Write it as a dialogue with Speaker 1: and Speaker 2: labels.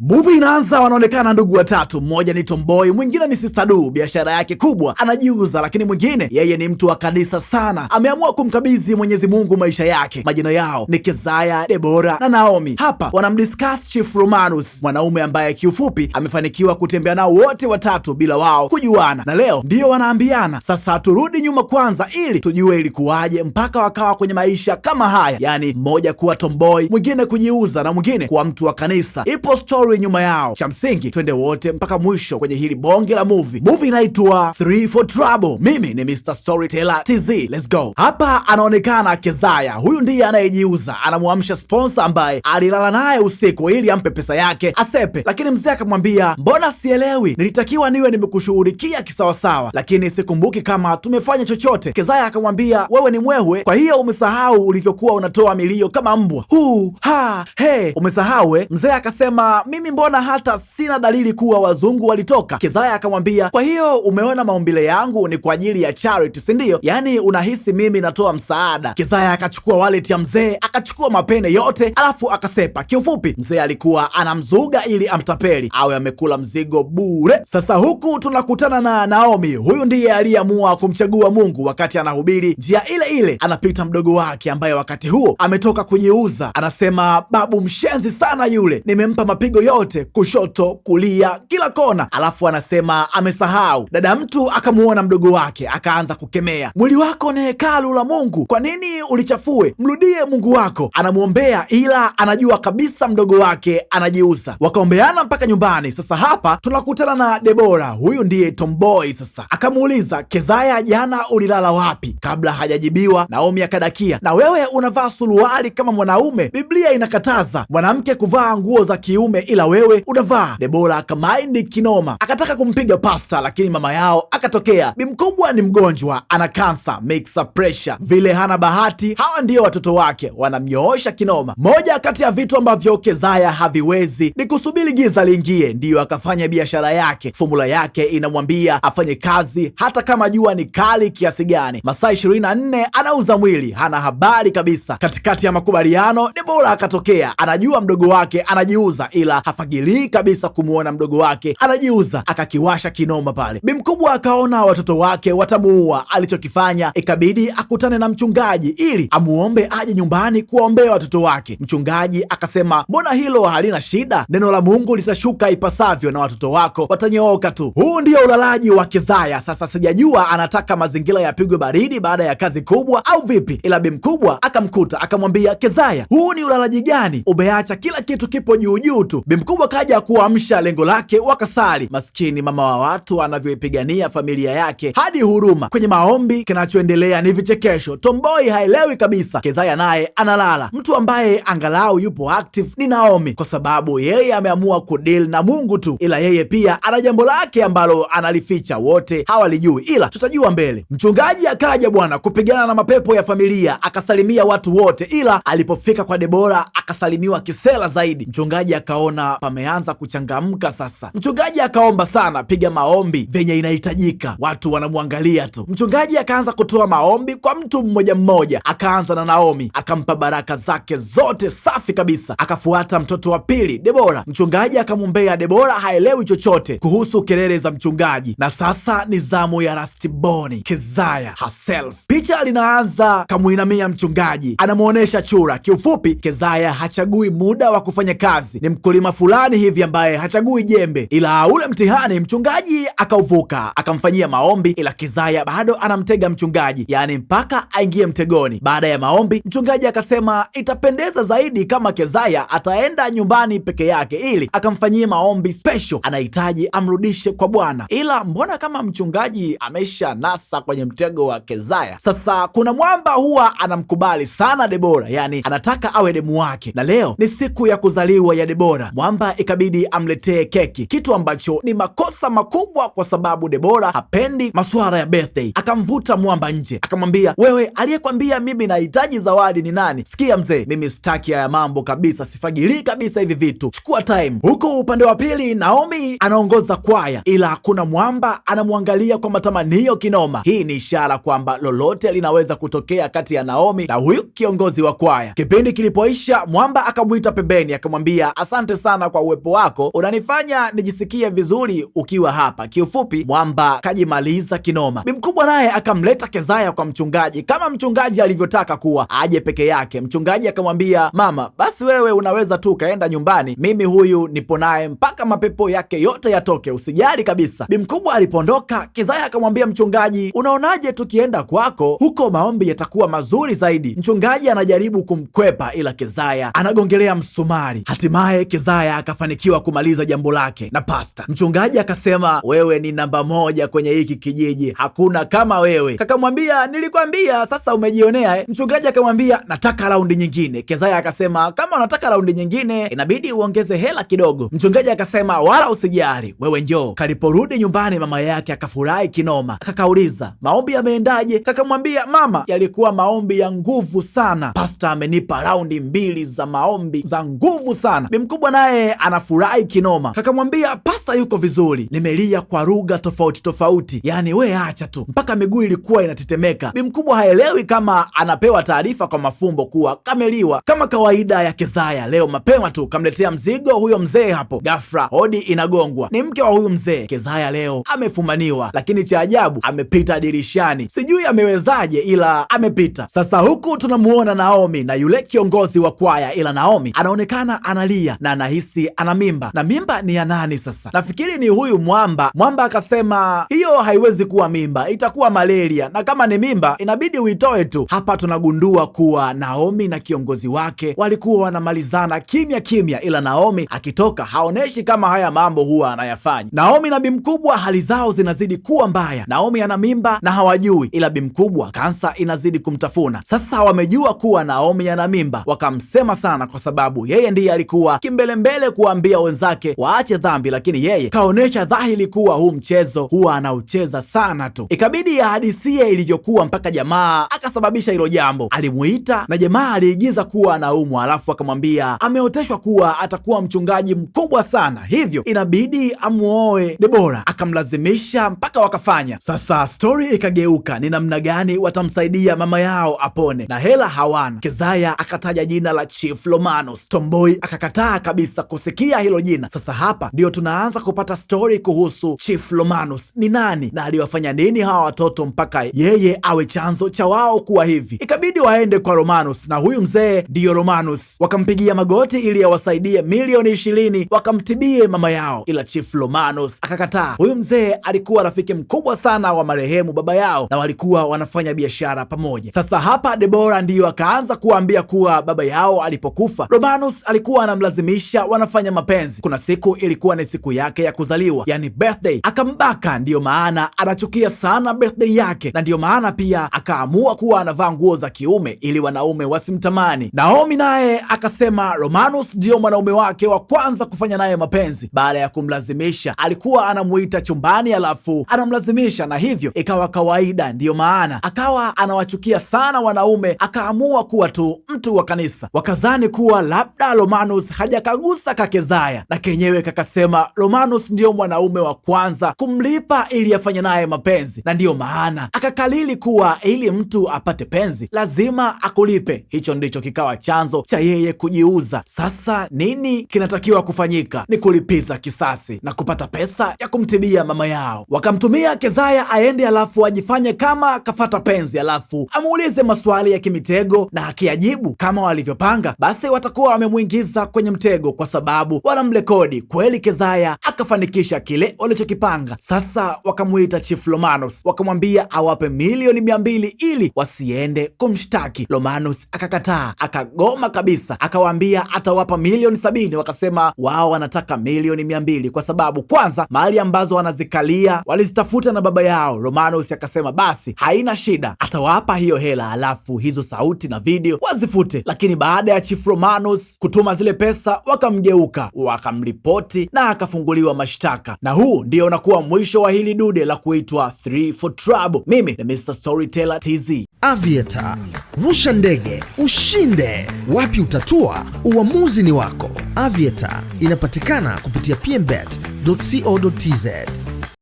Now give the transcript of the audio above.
Speaker 1: Movie inaanza, wanaonekana ndugu watatu, mmoja ni tomboy, mwingine ni sister du, biashara yake kubwa anajiuza, lakini mwingine yeye ni mtu wa kanisa sana, ameamua kumkabidhi Mwenyezi Mungu maisha yake. Majina yao ni Kezaya, Debora na Naomi. Hapa wanamdiscuss Chief Romanus, mwanaume ambaye kiufupi amefanikiwa kutembea nao wote watatu bila wao kujuana, na leo ndiyo wanaambiana sasa, turudi nyuma kwanza ili tujue ilikuwaje mpaka wakawa kwenye maisha kama haya, yaani mmoja kuwa tomboy, mwingine kujiuza na mwingine kuwa mtu wa kanisa. Ipo story story nyuma yao. Cha msingi twende wote mpaka mwisho kwenye hili bonge la movie. Movie inaitwa 3 for Trouble. Mimi ni Mr Storyteller TZ, let's go. Hapa anaonekana Kezaya, huyu ndiye anayejiuza, anamwamsha sponsor ambaye alilala naye usiku ili ampe pesa yake asepe, lakini mzee akamwambia, mbona sielewi, nilitakiwa niwe nimekushughulikia kisawasawa, lakini sikumbuki kama tumefanya chochote. Kezaya akamwambia, wewe ni mwewe, kwa hiyo umesahau ulivyokuwa unatoa milio kama mbwa huu ha he, umesahau. Mzee akasema mimi mbona hata sina dalili kuwa wazungu walitoka. Kezaya akamwambia, kwa hiyo umeona maumbile yangu ni kwa ajili ya charity, si ndio? Yaani unahisi mimi natoa msaada. Kezaya akachukua wallet ya mzee, akachukua mapene yote, alafu akasepa. Kiufupi, mzee alikuwa anamzuga ili amtapeli awe amekula mzigo bure. Sasa huku tunakutana na Naomi. Huyu ndiye aliyeamua kumchagua Mungu. Wakati anahubiri njia ile ile, anapita mdogo wake ambaye wakati huo ametoka kujiuza. Anasema, babu mshenzi sana yule, nimempa mapigo yote, kushoto, kulia, kila kona, alafu anasema amesahau. Dada mtu akamuona mdogo wake akaanza kukemea, mwili wako ni hekalu la Mungu, kwa nini ulichafue? Mrudie Mungu wako. Anamwombea ila anajua kabisa mdogo wake anajiuza. Wakaombeana mpaka nyumbani. Sasa hapa tunakutana na Debora, huyu ndiye tomboy. Sasa akamuuliza Kezaya, jana ulilala wapi? Kabla hajajibiwa Naomi akadakia, na wewe unavaa suruali kama mwanaume, Biblia inakataza mwanamke kuvaa nguo za kiume ila wewe unavaa. Debora akamaindi kinoma, akataka kumpiga pasta, lakini mama yao akatokea. Bimkubwa ni mgonjwa, ana kansa, mixer pressure, vile hana bahati. Hawa ndio watoto wake, wanamnyoosha kinoma. Moja kati ya vitu ambavyo Kezaya haviwezi ni kusubiri giza liingie, ndiyo akafanya biashara yake. Fomula yake inamwambia afanye kazi hata kama jua ni kali kiasi gani. Masaa 24 anauza mwili, hana habari kabisa. Katikati ya makubaliano, Debora akatokea, anajua mdogo wake anajiuza, ila hafagilii kabisa kumwona mdogo wake anajiuza, akakiwasha kinoma pale. Bi mkubwa akaona watoto wake watamuua. Alichokifanya ikabidi akutane na mchungaji ili amuombe aje nyumbani kuwaombea watoto wake. Mchungaji akasema, mbona hilo halina shida, neno la Mungu litashuka ipasavyo na watoto wako watanyooka tu. Huu ndio ulalaji wa Kizaya. Sasa sijajua anataka mazingira yapigwe baridi baada ya kazi kubwa au vipi, ila bi mkubwa akamkuta akamwambia, Kezaya, huu ni ulalaji gani? Umeacha kila kitu kipo juujuu tu. Bimkubwa kaja kuamsha lengo lake, wakasali maskini mama wa watu anavyoipigania familia yake hadi huruma. Kwenye maombi, kinachoendelea ni vichekesho. Tomboi haelewi kabisa, Kezaya naye analala. Mtu ambaye angalau yupo active ni Naomi, kwa sababu yeye ameamua kudeal na Mungu tu, ila yeye pia ana jambo lake ambalo analificha, wote hawalijui, ila tutajua mbele. Mchungaji akaja bwana kupigana na mapepo ya familia, akasalimia watu wote, ila alipofika kwa Debora akasalimiwa kisela zaidi. Mchungaji akaona naona pameanza kuchangamka sasa. Mchungaji akaomba sana, piga maombi venye inahitajika, watu wanamwangalia tu. Mchungaji akaanza kutoa maombi kwa mtu mmoja mmoja, akaanza na Naomi, akampa baraka zake zote safi kabisa. Akafuata mtoto wa pili Debora, mchungaji akamwombea Debora. Haelewi chochote kuhusu kelele za mchungaji, na sasa ni zamu ya Rastiboni Kezaya Haself. Picha linaanza kamwinamia mchungaji, anamwonyesha chura. Kiufupi, Kezaya hachagui muda wa kufanya kazi, ni mkulima mkulima fulani hivi ambaye hachagui jembe, ila ule mtihani mchungaji akauvuka, akamfanyia maombi, ila Kizaya bado anamtega mchungaji, yaani mpaka aingie mtegoni. Baada ya maombi, mchungaji akasema itapendeza zaidi kama Kezaya ataenda nyumbani peke yake, ili akamfanyie maombi special, anahitaji amrudishe kwa Bwana. Ila mbona kama mchungaji amesha nasa kwenye mtego wa Kezaya? Sasa kuna mwamba huwa anamkubali sana Debora, yani anataka awe demu wake, na leo ni siku ya kuzaliwa ya Debora. Mwamba ikabidi amletee keki, kitu ambacho ni makosa makubwa kwa sababu Debora hapendi masuala ya birthday. Akamvuta Mwamba nje, akamwambia wewe, aliyekwambia mimi nahitaji zawadi ni nani? Sikia mzee, mimi sitaki haya mambo kabisa, sifagilii kabisa hivi vitu, chukua time. Huko upande wa pili, Naomi anaongoza kwaya, ila hakuna Mwamba anamwangalia kwa matamanio kinoma. Hii ni ishara kwamba lolote linaweza kutokea kati ya Naomi na huyu kiongozi wa kwaya. Kipindi kilipoisha, Mwamba akamwita pembeni, akamwambia asante sana sana kwa uwepo wako, unanifanya nijisikie vizuri ukiwa hapa. Kiufupi, mwamba kajimaliza kinoma. Bimkubwa naye akamleta Kezaya kwa mchungaji kama mchungaji alivyotaka kuwa aje peke yake. Mchungaji akamwambia mama, basi wewe unaweza tu ukaenda nyumbani, mimi huyu nipo naye mpaka mapepo yake yote yatoke, usijali kabisa. Bimkubwa alipoondoka, Kezaya akamwambia mchungaji, unaonaje tukienda kwako huko, maombi yatakuwa mazuri zaidi. Mchungaji anajaribu kumkwepa, ila Kezaya anagongelea msumari. Hatimaye Kezaya Haya akafanikiwa kumaliza jambo lake na pasta. Mchungaji akasema, wewe ni namba moja kwenye hiki kijiji, hakuna kama wewe. Kakamwambia, nilikwambia, sasa umejionea eh. Mchungaji akamwambia, nataka raundi nyingine. Kezaya akasema, kama unataka raundi nyingine inabidi uongeze hela kidogo. Mchungaji akasema, wala usijali, wewe njoo. Kaliporudi nyumbani, mama yake akafurahi kinoma. Kakauliza, maombi yameendaje? Kakamwambia, mama, yalikuwa maombi ya nguvu sana. Pasta amenipa raundi mbili za maombi za nguvu sana. Bi mkubwa naye naye anafurahi kinoma. Kakamwambia pasta yuko vizuri, nimelia kwa lugha tofauti tofauti, yaani we acha tu, mpaka miguu ilikuwa inatetemeka. Bi mkubwa haelewi kama anapewa taarifa kwa mafumbo kuwa kameliwa. Kama kawaida ya Kezaya, leo mapema tu kamletea mzigo huyo mzee hapo. Ghafla hodi inagongwa, ni mke wa huyu mzee. Kezaya leo amefumaniwa, lakini cha ajabu amepita dirishani, sijui amewezaje, ila amepita. Sasa huku tunamuona Naomi na yule kiongozi wa kwaya, ila Naomi anaonekana analia na halisi ana mimba, na mimba ni ya nani? Sasa nafikiri ni huyu mwamba. Mwamba akasema hiyo haiwezi kuwa mimba, itakuwa malaria, na kama ni mimba inabidi uitoe tu. Hapa tunagundua kuwa Naomi na kiongozi wake walikuwa wanamalizana kimya kimya, ila Naomi akitoka haoneshi kama haya mambo huwa anayafanya. Naomi na bimkubwa hali zao zinazidi kuwa mbaya. Naomi ana mimba na hawajui, ila bimkubwa kansa inazidi kumtafuna. Sasa wamejua kuwa Naomi ana mimba, wakamsema sana kwa sababu yeye ndiye alikuwa kimbele mbele kuambia wenzake waache dhambi, lakini yeye kaonyesha dhahiri kuwa huu mchezo huwa anaucheza sana tu. Ikabidi ahadisie ilivyokuwa mpaka jamaa akasababisha hilo jambo. Alimuita na jamaa aliigiza kuwa anaumwa, alafu akamwambia ameoteshwa kuwa atakuwa mchungaji mkubwa sana, hivyo inabidi amuoe Debora. Akamlazimisha mpaka wakafanya. Sasa stori ikageuka ni namna gani watamsaidia mama yao apone, na hela hawana. Kezaya akataja jina la Chief Romanos. Tomboi akakataa kabisa kabisa kusikia hilo jina. Sasa hapa ndio tunaanza kupata stori kuhusu Chief Romanus ni nani na aliwafanya nini hawa watoto mpaka yeye awe chanzo cha wao kuwa hivi. Ikabidi waende kwa Romanus na huyu mzee ndiyo Romanus, wakampigia magoti ili awasaidie milioni ishirini wakamtibie mama yao, ila Chief Romanus akakataa. Huyu mzee alikuwa rafiki mkubwa sana wa marehemu baba yao na walikuwa wanafanya biashara pamoja. Sasa hapa Debora ndiyo akaanza kuwaambia kuwa baba yao alipokufa Romanus alikuwa anamlazimisha kisha wanafanya mapenzi. Kuna siku ilikuwa ni siku yake ya kuzaliwa, yani birthday, akambaka. Ndiyo maana anachukia sana birthday yake, na ndiyo maana pia akaamua kuwa anavaa nguo za kiume ili wanaume wasimtamani. Naomi naye akasema Romanus ndiyo mwanaume wake wa kwanza kufanya naye mapenzi baada ya kumlazimisha. Alikuwa anamuita chumbani, alafu anamlazimisha, na hivyo ikawa kawaida. Ndiyo maana akawa anawachukia sana wanaume, akaamua kuwa tu mtu wa kanisa. Wakazani kuwa labda Romanus hajakagua akamgusa kakezaya na kenyewe kakasema Romanus ndiyo mwanaume wa kwanza kumlipa ili afanye naye mapenzi, na ndiyo maana akakalili kuwa ili mtu apate penzi lazima akulipe. Hicho ndicho kikawa chanzo cha yeye kujiuza. Sasa nini kinatakiwa kufanyika? Ni kulipiza kisasi na kupata pesa ya kumtibia mama yao. Wakamtumia Kezaya aende, alafu ajifanye kama kafata penzi, alafu amuulize maswali ya kimitego, na akiyajibu kama walivyopanga, basi watakuwa wamemwingiza kwenye mtego kwa sababu wanamrekodi kweli. Kezaya akafanikisha kile walichokipanga. Sasa wakamuita Chief Romanus, wakamwambia awape milioni mia mbili ili wasiende kumshtaki. Romanus akakataa, akagoma kabisa, akawaambia atawapa milioni sabini. Wakasema wao wanataka milioni mia mbili kwa sababu kwanza mali ambazo wanazikalia walizitafuta na baba yao. Romanus akasema basi haina shida, atawapa hiyo hela, alafu hizo sauti na video wazifute. Lakini baada ya Chief Romanus kutuma zile pesa waka wakamgeuka, wakamripoti na akafunguliwa mashtaka, na huu ndio unakuwa mwisho wa hili dude la kuitwa 3 for Trouble. Mimi ni Mr Storyteller TZ. avieta rusha ndege, ushinde. Wapi utatua? Uamuzi ni wako. avieta inapatikana kupitia pmbet.co.tz.